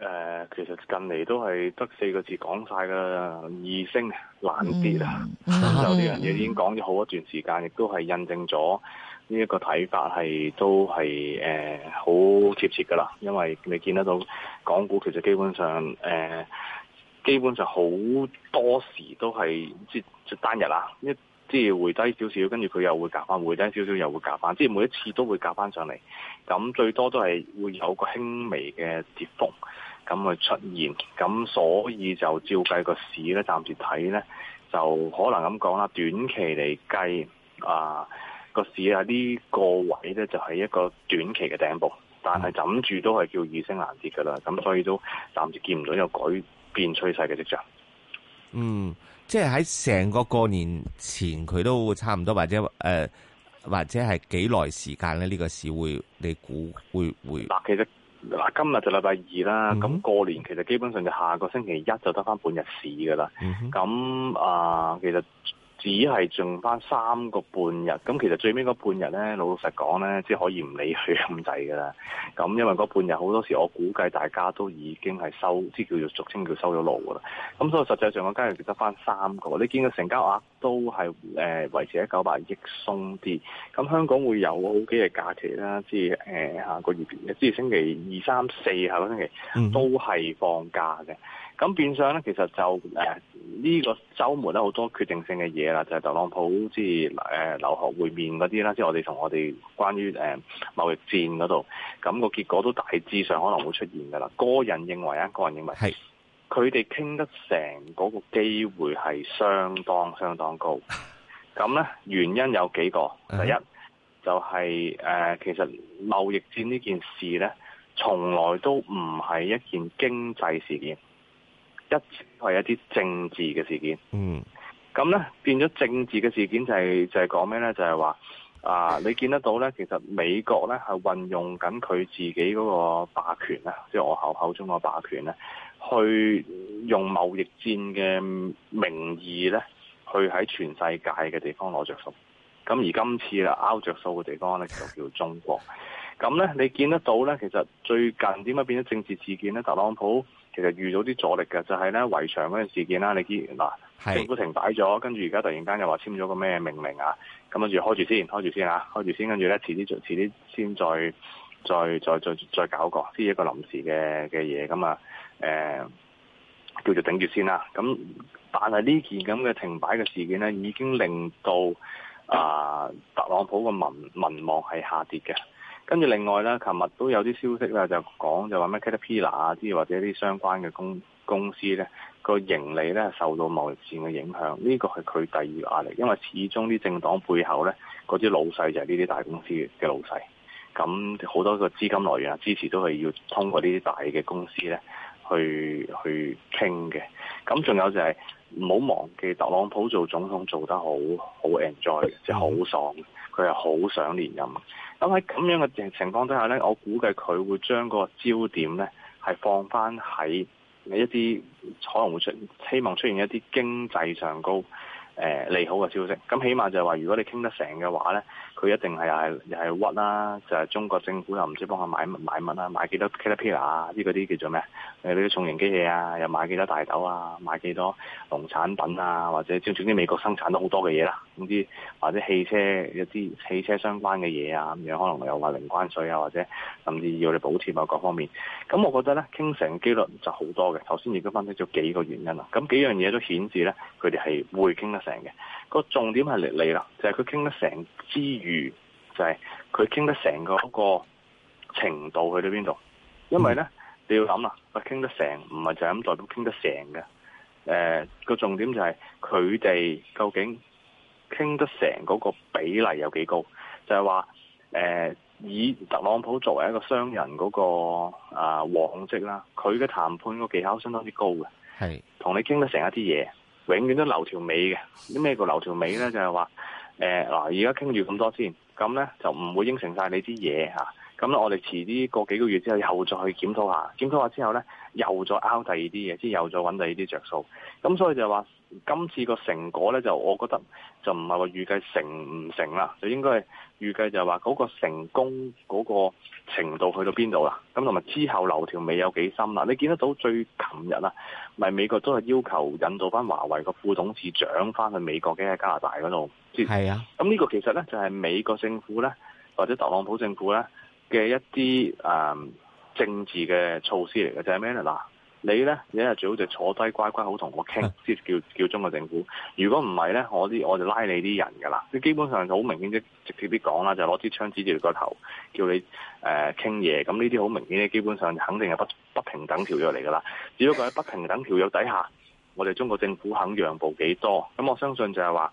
誒、呃，其實近嚟都係得四個字講晒噶，mm -hmm. 易升難跌啊！咁有啲人亦已經講咗好一段時間，亦都係印證咗呢一個睇法係都係誒好貼切噶啦，因為你見得到港股其實基本上誒、呃，基本上好多時都係即係單日啦一即係回低少少，跟住佢又會夾翻回低少少，又會夾翻，即係每一次都會夾翻上嚟，咁最多都係會有個輕微嘅跌幅。咁去出現，咁所以就照計個市咧，暫時睇咧就可能咁講啦。短期嚟計啊，個市喺呢個位咧就係一個短期嘅頂部，但係枕住都係叫易升難跌噶啦。咁所以都暫時見唔到有改變趨勢嘅跡象。嗯，即係喺成個過年前，佢都差唔多，或者誒、呃，或者係幾耐時間咧？呢、呢個市會你估會會？嗱，其實。嗱，今日就禮拜二啦，咁過年其實基本上就下個星期一就得翻半日市噶啦，咁啊，呃，其實。只係剩翻三個半日，咁其實最尾嗰半日咧，老老實講咧，即係可以唔理佢咁滯噶啦。咁因為嗰半日好多時，我估計大家都已經係收，即係叫做俗稱叫收咗路噶啦。咁所以實際上我交易日得翻三個，你見到成交額都係誒維持喺九百億鬆，鬆啲。咁香港會有好幾日假期啦，即係誒下個月，即係星期二、三、四下個星期都係放假嘅。咁變相咧，其實就誒呢、呃這個週末咧，好多決定性嘅嘢啦，就係、是、特朗普即係誒劉鶴會面嗰啲啦，即、就是、我哋同我哋關於誒、呃、貿易戰嗰度咁個結果都大致上可能會出現噶啦。個人認為啊，個人認為係佢哋傾得成嗰個機會係相當相當高。咁咧原因有幾個，第一就係、是、誒、呃、其實貿易戰呢件事咧，從來都唔係一件經濟事件。一係一啲政治嘅事件，嗯，咁咧變咗政治嘅事件就係就係講咩咧？就係話啊，你見得到咧，其實美國咧係運用緊佢自己嗰個霸權啊，即係我口口中個霸權咧，去用貿易戰嘅名義咧，去喺全世界嘅地方攞著數。咁而今次啦，拗著數嘅地方咧就叫中國。咁咧你見得到咧，其實最近點解變咗政治事件咧？特朗普其實遇到啲阻力嘅，就係、是、咧圍牆嗰陣事件啦。你知嗱，政府停擺咗，跟住而家突然間又話簽咗個咩命令啊？咁跟住開住先，開住先啦，開住先，跟住咧遲啲再，遲啲先再，再再再再，再搞個，呢一個臨時嘅嘅嘢咁啊，誒叫做頂住先啦。咁但係呢件咁嘅停擺嘅事件咧，已經令到啊、呃、特朗普個民民望係下跌嘅。跟住另外咧，琴日都有啲消息咧，就講就話咩 Caterpillar 啊，之或者啲相關嘅公公司咧，個盈利咧受到貿易戰嘅影響。呢個係佢第二壓力，因為始終啲政黨背後咧嗰啲老細就係呢啲大公司嘅老細，咁好多個資金來源啊，支持都係要通過呢啲大嘅公司咧。去去傾嘅咁，仲有就係唔好忘記特朗普做總統做得好好 enjoy，即係好爽。佢係好想連任。咁喺咁樣嘅情情況底下呢，我估計佢會將個焦點呢係放翻喺一啲可能會出希望出現一啲經濟上高誒、呃、利好嘅消息。咁起碼就係話，如果你傾得成嘅話呢。佢一定係又係又係屈啦，就係、是、中國政府又唔知幫佢買乜買乜啦、啊，買幾多 Caterpillar 啊？啲嗰啲叫做咩？你、呃、啲重型機器啊，又買幾多少大豆啊？買幾多少農產品啊？或者將總啲美國生產都好多嘅嘢啦，總之或者汽車一啲汽車相關嘅嘢啊咁樣，可能又話零關稅啊，或者甚至要你補貼啊各方面。咁我覺得咧，傾成嘅機率就好多嘅。頭先亦都分析咗幾個原因啊，咁幾樣嘢都顯示咧，佢哋係會傾得成嘅。個重點係嚟嚟啦，就係佢傾得成之餘，就係佢傾得成個嗰個程度去到邊度？因為呢，你要諗啦，佢傾得成唔係就咁代表傾得成嘅。誒、呃，個重點就係佢哋究竟傾得成嗰個比例有幾高？就係話誒，以特朗普作為一個商人嗰、嗰個啊往績啦，佢嘅談判個技巧相當之高嘅。係同你傾得成一啲嘢。永遠都留條尾嘅，啲咩叫留條尾咧？就係、是、話，誒、呃、嗱，而家傾住咁多先，咁咧就唔會應承晒你啲嘢嚇。咁我哋遲啲過幾個月之後，又再去檢討下，檢討下之後呢，又再拗第二啲嘢，即係又再揾第二啲着數。咁所以就話今次個成果呢，就我覺得就唔係話預計成唔成啦，就應該係預計就係話嗰個成功嗰個程度去到邊度啦。咁同埋之後留條尾有幾深啦。你見得到最近日啦，咪美國都係要求引渡翻華為個副董事長翻去美國嘅加拿大嗰度。係啊，咁呢個其實呢就係、係、美國政府呢或者特朗普政府呢嘅一啲誒、嗯、政治嘅措施嚟嘅就係咩啦？嗱，你咧一日最好就坐低乖乖好同我傾，先叫叫中國政府。如果唔係咧，我啲我就拉你啲人噶啦。你基本上好明顯即直接啲講啦，就攞、是、支槍指住個頭，叫你誒傾嘢。咁呢啲好明顯嘅，基本上肯定係不不平等條約嚟噶啦。只不過喺不平等條約底下，我哋中國政府肯讓步幾多？咁我相信就係話。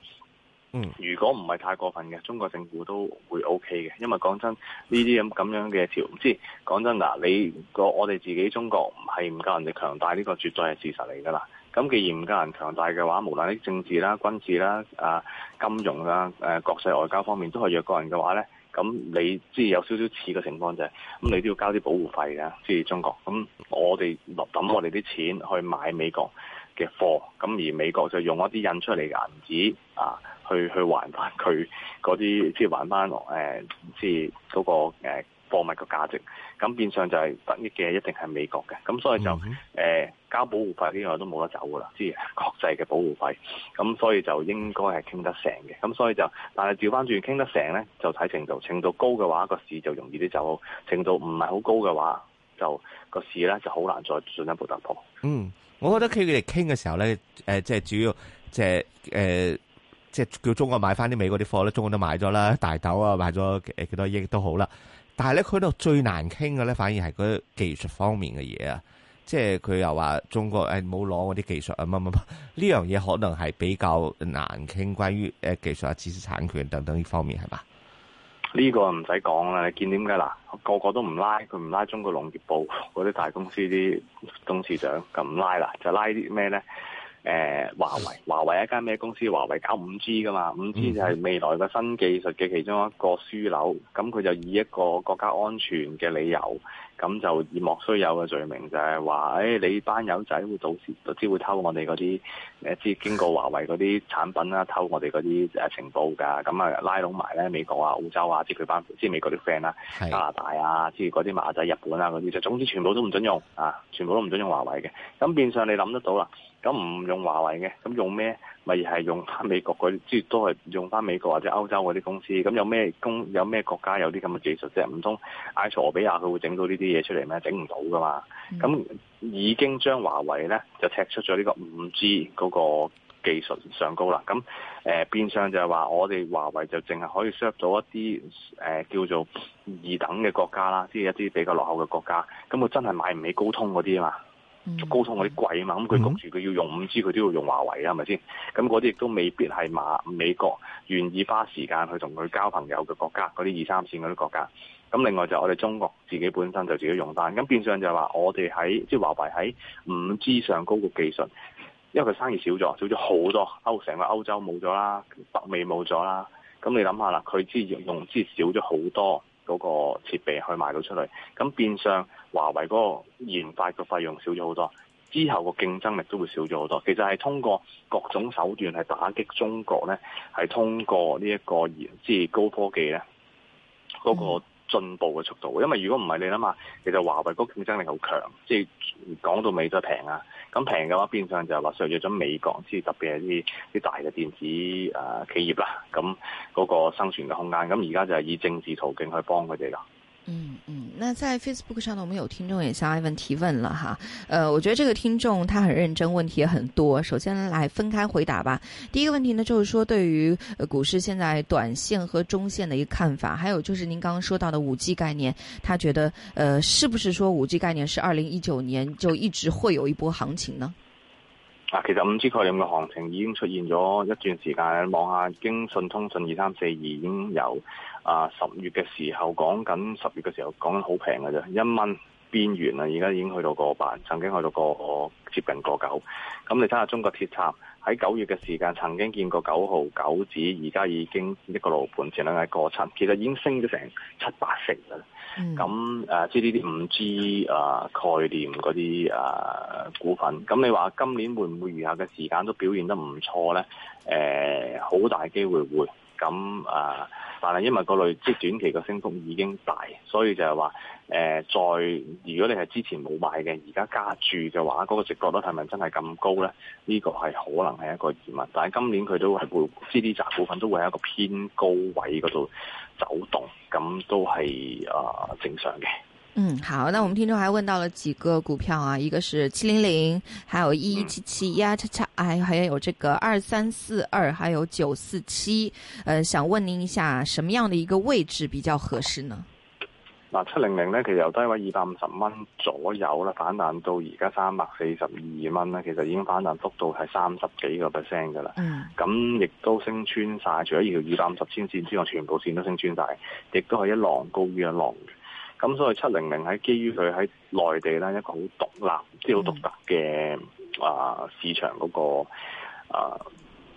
嗯、如果唔係太過分嘅，中國政府都會 O K 嘅，因為講真呢啲咁咁樣嘅條，即係講真嗱，你個我哋自己中國係唔夠人哋強大呢個絕對係事實嚟㗎啦。咁既然唔夠人強大嘅話，無論啲政治啦、軍事啦、啊金融啦、誒、啊、國際外交方面都係弱過人嘅話呢，咁你即係有少少似嘅情況就係咁，你都要交啲保護費嘅，即係中國咁。咁我哋攬我哋啲錢去買美國嘅貨，咁而美國就用一啲印出嚟嘅銀紙啊。去去還翻佢嗰啲，即係還翻誒，即係嗰個誒、呃、貨物嘅價值。咁變相就係得益嘅一定係美國嘅。咁所以就誒交、嗯呃、保護費呢樣都冇得走噶啦，即係國際嘅保護費。咁所以就應該係傾得成嘅。咁所以就，但係調翻轉傾得成咧，就睇程度。程度高嘅話，個市就容易啲走；程度唔係好高嘅話，就個市咧就好難再進一步突破。嗯，我覺得佢哋傾嘅時候咧，誒即係主要即係誒。就是呃即係叫中國買翻啲美國啲貨咧，中國都買咗啦，大豆啊買咗幾多億都好啦。但係咧佢度最難傾嘅咧，反而係嗰技術方面嘅嘢啊。即係佢又話中國誒冇攞嗰啲技術啊，乜乜乜，呢樣嘢可能係比較難傾。關於誒技術啊知識產權等等呢方面係嘛？呢個唔使講啦，你見點解啦？個個都唔拉，佢唔拉中國農業部嗰啲大公司啲董事長，咁唔拉啦，就拉啲咩咧？誒、呃，華為華為一間咩公司？華為搞五 G 㗎嘛？五 G 就係未來嘅新技術嘅其中一個主流。咁佢就以一個國家安全嘅理由，咁就以莫須有嘅罪名，就是，就係話誒你班友仔會導致，到時都知會偷我哋嗰啲誒，經過華為嗰啲產品啦，偷我哋嗰啲情報㗎。咁啊，拉攏埋咧美國啊、澳洲啊，即佢班即美國啲 friend 啊，加拿大啊，即係嗰啲馬仔、日本啊嗰啲，就總之全部都唔準用啊，全部都唔準用華為嘅。咁變相你諗得到啦。咁唔用華為嘅，咁用咩？咪係用翻美國嗰啲，即係都係用翻美國或者歐洲嗰啲公司。咁有咩公有咩國家有啲咁嘅技術啫？唔通埃塞俄比亞佢會整到呢啲嘢出嚟咩？整唔到噶嘛。咁、嗯、已經將華為咧就踢出咗呢個 5G 嗰個技術上高啦。咁誒變相就係話，我哋華為就淨係可以 share 到一啲、呃、叫做二等嘅國家啦，即係一啲比較落後嘅國家。咁佢真係買唔起高通嗰啲啊嘛。高通嗰啲貴啊嘛，咁佢焗住佢要用五 G，佢都要用華為啊，係咪先？咁嗰啲亦都未必係馬美國願意花時間去同佢交朋友嘅國家，嗰啲二三線嗰啲國家。咁另外就我哋中國自己本身就自己用單，咁變相就係話我哋喺即係華為喺五 G 上高嘅技術，因為佢生意少咗，少咗好多歐，成個歐洲冇咗啦，北美冇咗啦，咁你諗下啦，佢資用資少咗好多。嗰、那個設備可以賣到出嚟，咁變相華為嗰個研發嘅費用少咗好多，之後個競爭力都會少咗好多。其實係通過各種手段係打擊中國呢，係通過呢、這、一個即係高科技呢嗰、那個進步嘅速度。因為如果唔係，你諗下，其實華為個競爭力好強，即係講到尾都係平啊。咁平嘅話，變相就係話削弱咗美國，之特別係啲啲大嘅電子誒企業啦。咁嗰個生存嘅空間，咁而家就係以政治途徑去幫佢哋㗎。嗯嗯，那在 Facebook 上呢，我們有聽眾也向艾文提問了哈。呃，我覺得這個聽眾他很認真，問題也很多。首先來分開回答吧。第一個問題呢，就是說對於股市現在短線和中線的一個看法，還有就是您剛剛說到的五 G 概念，他覺得呃，是不是說五 G 概念是二零一九年就一直會有一波行情呢？啊，其實五 G 概念嘅行情已經出現咗一段時間，望下京信通信二三四二已經有。啊！十月嘅時候講緊，十月嘅時候講緊好平㗎啫，一蚊邊緣啊！而家已經去到個板，曾經去到個接近個九。咁你睇下中國鐵塔喺九月嘅時間曾經見過九號九指，而家已經一個樓盤前兩日過七，其實已經升咗成七八成啦。咁、嗯、誒，即係呢啲五 G 誒概念嗰啲誒股份，咁你話今年會唔會餘下嘅時間都表現得唔錯咧？誒、啊，好大機會會。咁、嗯、啊，但係因為個類即短期嘅升幅已經大，所以就係話誒，再如果你係之前冇買嘅，而家加住嘅話，嗰、嗰個值博率都係咪真係咁高咧？呢、呢個係可能係一個疑問。但係今年佢都係會 c 啲閘股份都會喺一個偏高位嗰度走動，咁、嗯、都係啊、呃、正常嘅。嗯，好，那我們聽眾還問到了幾個股票啊，一個是七零零，還有一一七七，一二七七，還還有這個二三四二，還有九四七，呃，想問您一下，什麼樣的一個位置比較合適呢？嗱、嗯，七零零呢，其實由低位二百五十蚊左右啦，反彈到而家三百四十二蚊呢，其實已經反彈幅度係三十幾個 percent 噶啦，咁亦都升穿晒，除咗條二百五十千線之外，全部線都升穿晒，亦都係一浪高於一浪。咁所以七零零喺基於佢喺內地咧一個好獨立，即係好獨特嘅啊市場嗰、那個啊、呃，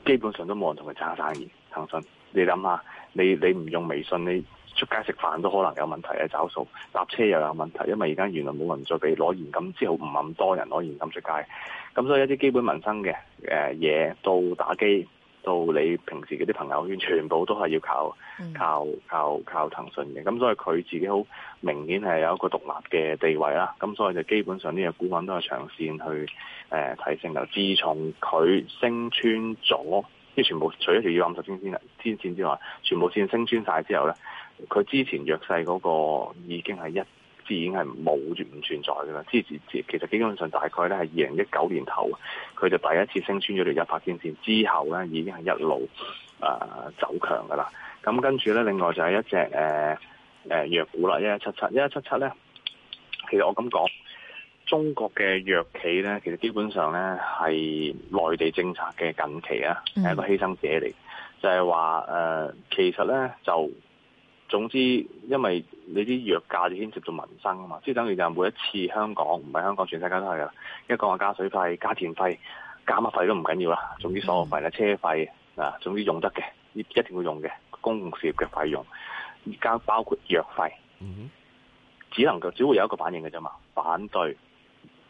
基本上都冇人同佢爭生意。騰訊，你諗下，你你唔用微信，你出街食飯都可能有問題啊，找數搭車又有問題，因為而家原來冇人再俾攞現金，之後唔係咁多人攞現金出街，咁所以一啲基本民生嘅嘢、呃、到打機。到你平時嗰啲朋友圈全部都係要靠靠靠靠，靠騰訊嘅，咁所以佢自己好明顯係有一個獨立嘅地位啦。咁所以就基本上呢隻股份都係長線去誒睇升頭。自從佢升穿咗，即係全部除咗條二十天天天線之外，全部線升穿晒之後咧，佢之前弱勢嗰個已經係一。已經係冇住唔存在噶啦，之前其實基本上大概咧係二零一九年頭，佢就第一次升穿咗條一百天線之後咧，已經係一路啊、呃、走強噶啦。咁跟住咧，另外就係一隻誒誒、呃、藥股啦，一一七七，一一七七咧，其實我咁講，中國嘅藥企咧，其實基本上咧係內地政策嘅近期啊，係、嗯、一個犧牲者嚟，就係話誒，其實咧就。總之，因為你啲藥價就牽涉到民生啊嘛，即係等於就每一次香港唔係香港，全世界都係啦。一個話加水費、加電費、加乜費都唔緊要啦。總之所有費咧、車費啊，總之用得嘅，一定要用嘅公共事業嘅費用，而家包括藥費，嗯、只能夠只會有一個反應嘅啫嘛。反對，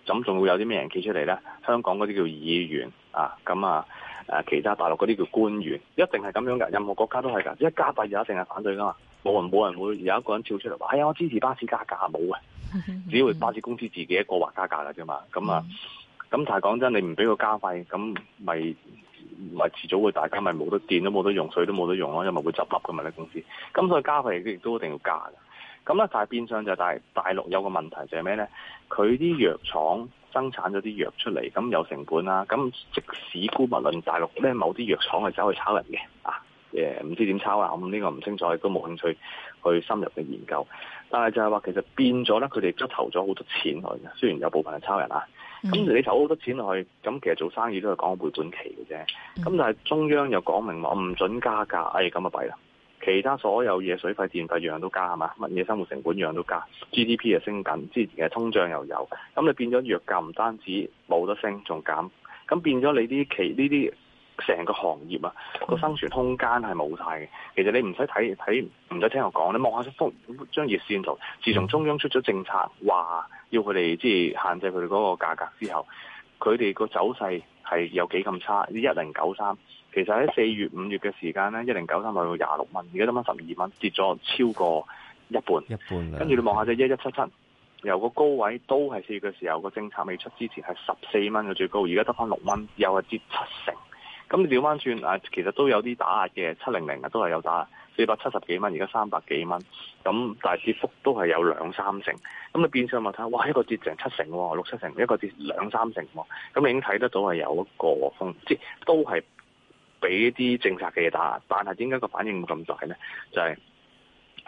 咁仲會有啲咩人企出嚟咧？香港嗰啲叫議員啊，咁啊，啊其他大陸嗰啲叫官員，一定係咁樣噶，任何國家都係噶，一加費就一定係反對噶嘛。冇人冇人會有一個人跳出嚟話，哎呀，我支持巴士加價，冇啊，只會巴士公司自己一個話加價噶啫嘛。咁 啊，咁、嗯、但係講真，你唔俾個加費，咁咪係遲早會大家咪冇得電都冇得用，水都冇得用咯，因為會執笠噶嘛啲公司。咁所以加費亦都一定要加嘅咁咧，但係變相就大、是、大陸有個問題就係咩咧？佢啲藥廠生產咗啲藥出嚟，咁有成本啦。咁即使姑勿論大陸咧，某啲藥廠係走去炒人嘅啊。誒、yeah, 唔知點抄啊！咁、這、呢個唔清楚，亦都冇興趣去深入嘅研究。但係就係話，其實變咗咧，佢哋都投咗好多錢落去。雖然有部分係抄人啊，咁、mm. 你投好多錢落去，咁其實做生意都係講回本期嘅啫。咁但係中央又講明話唔準加價，哎，咁就弊啦。其他所有嘢水費、電費樣樣都加係嘛？乜嘢生活成本樣樣都加，GDP 又升緊，之前嘅通脹又有。咁你變咗藥價唔單止冇得升，仲減。咁變咗你啲期呢啲。成個行業啊，個生存空間係冇晒嘅。其實你唔使睇睇，唔使聽我講，你望下幅張熱線圖。自從中央出咗政策，話要佢哋即係限制佢哋嗰個價格之後，佢哋個走勢係有幾咁差？一零九三其實喺四月五月嘅時間咧，一零九三賣到廿六蚊，而家得翻十二蚊，跌咗超過一半。一半嘅。跟住你望下隻一一七七，1177，由個高位都係四月嘅時候，個政策未出之前係十四蚊嘅最高，而家得翻六蚊，又係跌七成。咁你調翻轉啊，其實都有啲打壓嘅，七零零啊都係有打壓，四百七十幾蚊而家三百幾蚊，咁但係跌幅都係有兩三成。咁你變相咪睇，哇，一個跌成七成喎，六七成，一個跌兩三成喎，咁你已經睇得到係有一個風，即都係俾啲政策嘅打壓。但係點解個反應咁大呢？就係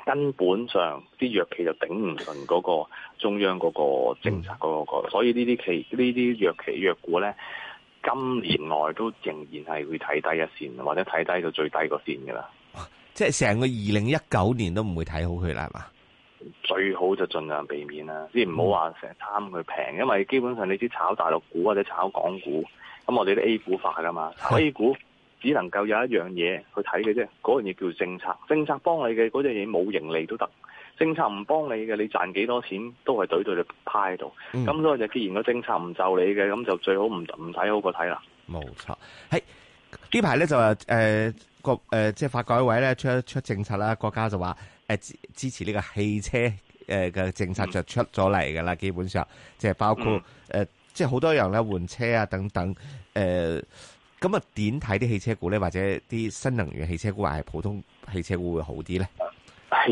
根本上啲弱企就頂唔順嗰個中央嗰個政策嗰個，所以呢啲企呢啲弱企弱股呢。今年內都仍然係會睇低一線，或者睇低到最低個線噶啦、哦，即係成個二零一九年都唔會睇好佢啦，係嘛？最好就盡量避免啦，即唔好話成日貪佢平，因為基本上你知炒大陸股或者炒港股，咁我哋啲 A 股化噶嘛，A 股只能夠有一樣嘢去睇嘅啫，嗰樣嘢叫政策。政策幫你嘅嗰隻嘢冇盈利都得。政策唔幫你嘅，你賺幾多錢都係懟在度趴喺度。咁、嗯、所以就既然個政策唔就你嘅，咁就最好唔唔睇好過睇啦。冇錯，喺呢排咧就話誒即係發改委咧出一出政策啦，國家就話誒、呃、支持呢個汽車誒嘅政策就出咗嚟嘅啦。嗯、基本上即係包括誒、嗯呃、即係好多人咧換車啊等等。誒咁啊點睇啲汽車股咧？或者啲新能源汽車股，還係普通汽車股會好啲咧？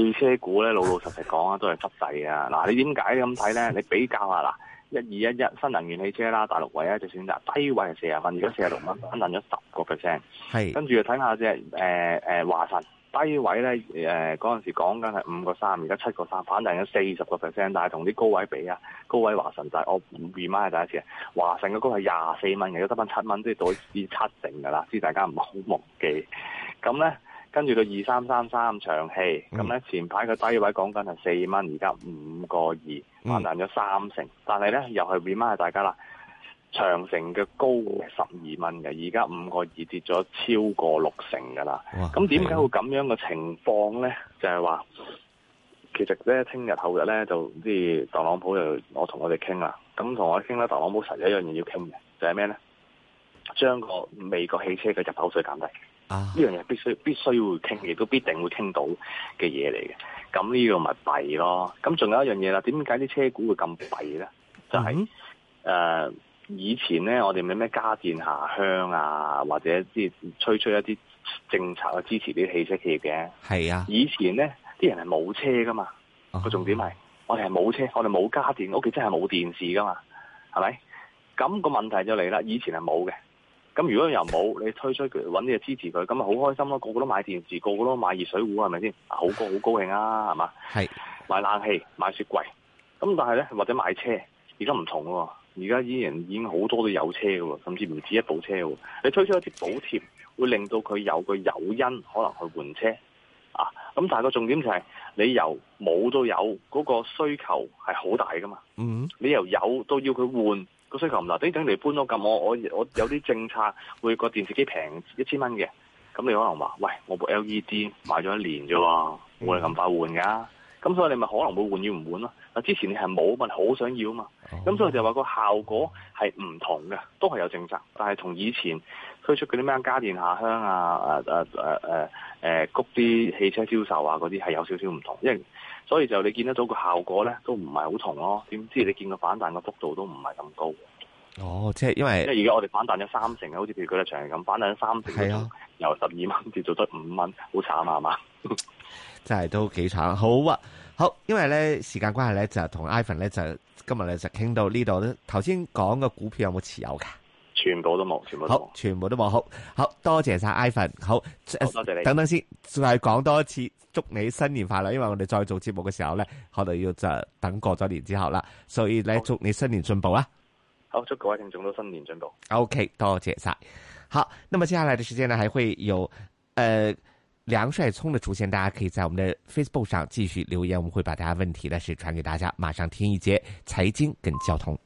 汽車股咧，老老實實講啊，都係濕滯啊！嗱，你點解咁睇咧？你比較下嗱，一二一一新能源汽車啦，大陸位啊，就選擇，低位四啊蚊，而家四啊六蚊，反彈咗十個 percent。係，跟住睇下即係誒誒華晨，低位咧誒嗰陣時講緊係五個三，而家七個三，反彈咗四十個 percent。但係同啲高位比啊，高位華晨就係、是、我唔 remind 第一次，華晨嘅高係廿四蚊，嘅，而家得翻七蚊，即係倒跌七成㗎啦，即係大家唔好忘記。咁咧。跟住到二三三三長氣，咁、嗯、咧、嗯、前排嘅低位講緊係四蚊，而家五個二，反彈咗三成。但係咧又係 remind 下大家啦，長城嘅高十二蚊嘅，而家五個二跌咗超過六成㗎啦。咁點解會咁樣嘅情況咧？就係、是、話其實咧，聽日後日咧就即係特朗普就我同我哋傾啦。咁同我哋傾啦，特朗普實有一樣嘢要傾嘅，就係咩咧？將個美國汽車嘅入口稅減低。呢、啊、樣嘢，必須必須會傾，亦都必定會傾到嘅嘢嚟嘅。咁呢個咪弊咯？咁仲有一樣嘢啦，點解啲車股會咁弊咧？就係、是、誒、嗯呃，以前咧，我哋咩咩家電下鄉啊，或者即係推出一啲政策去支持啲汽車企業嘅。係啊，以前咧，啲人係冇車噶嘛。個、嗯、重點係我哋係冇車，我哋冇家電，屋企真係冇電視噶嘛，係咪？咁、那個問題就嚟啦，以前係冇嘅。咁如果又冇，你推出佢搵啲嘢支持佢，咁啊好開心咯！個個都買電視，個個都買熱水壺，係咪先？好高好高興啊，係嘛？係買冷氣，買雪櫃。咁但係咧，或者買車，而家唔同喎。而家啲人已經好多都有車嘅喎，甚至唔止一部車喎。你推出一啲補貼，會令到佢有個誘因，可能去換車啊。咁但係個重點就係你由冇到有，嗰個需求係好大㗎嘛。嗯，嗯。你由有都要佢換。個需求唔大，等你嚟搬屋咁，我我我有啲政策會個電視機平一千蚊嘅，咁你可能話：喂，我部 LED 買咗一年啫喎，我哋咁快換㗎、啊，咁所以你咪可能會換要唔換咯？嗱，之前你係冇，咪好想要啊嘛，咁所以就話個效果係唔同嘅，都係有政策，但係同以前推出嗰啲咩家電下鄉啊，誒誒誒誒谷啲汽車銷售啊嗰啲係有少少唔同，因為。所以就你見得到個效果咧，都唔係好同咯。點知你見個反彈個幅度都唔係咁高。哦，即係因為即係而家我哋反彈咗三成，好似譬如佢例長咁，反彈三成，係啊，由十二蚊跌到得五蚊，好慘啊係嘛！真係都幾慘。好啊，好，因為咧時間關係咧，就同 Ivan 咧就今日咧就傾到呢度咧。頭先講嘅股票有冇持有㗎？全部都冇，全部都好，全部都冇，好好多謝晒 Ivan，好，好多謝你。等等先，再講多一次，祝你新年快樂。因為我哋再做，做節目嘅時候咧，可能要就等過咗年之後啦，所以咧祝你新年進步啦、啊。好，祝各位聽眾都新年進步。O、okay, K，多謝晒。好，那麼接下來嘅時間呢，還會有誒、呃、梁帥聰嘅出現，大家可以在我們的 Facebook 上繼續留言，我們會把大家問題呢，是傳給大家。馬上聽一節財經跟交通。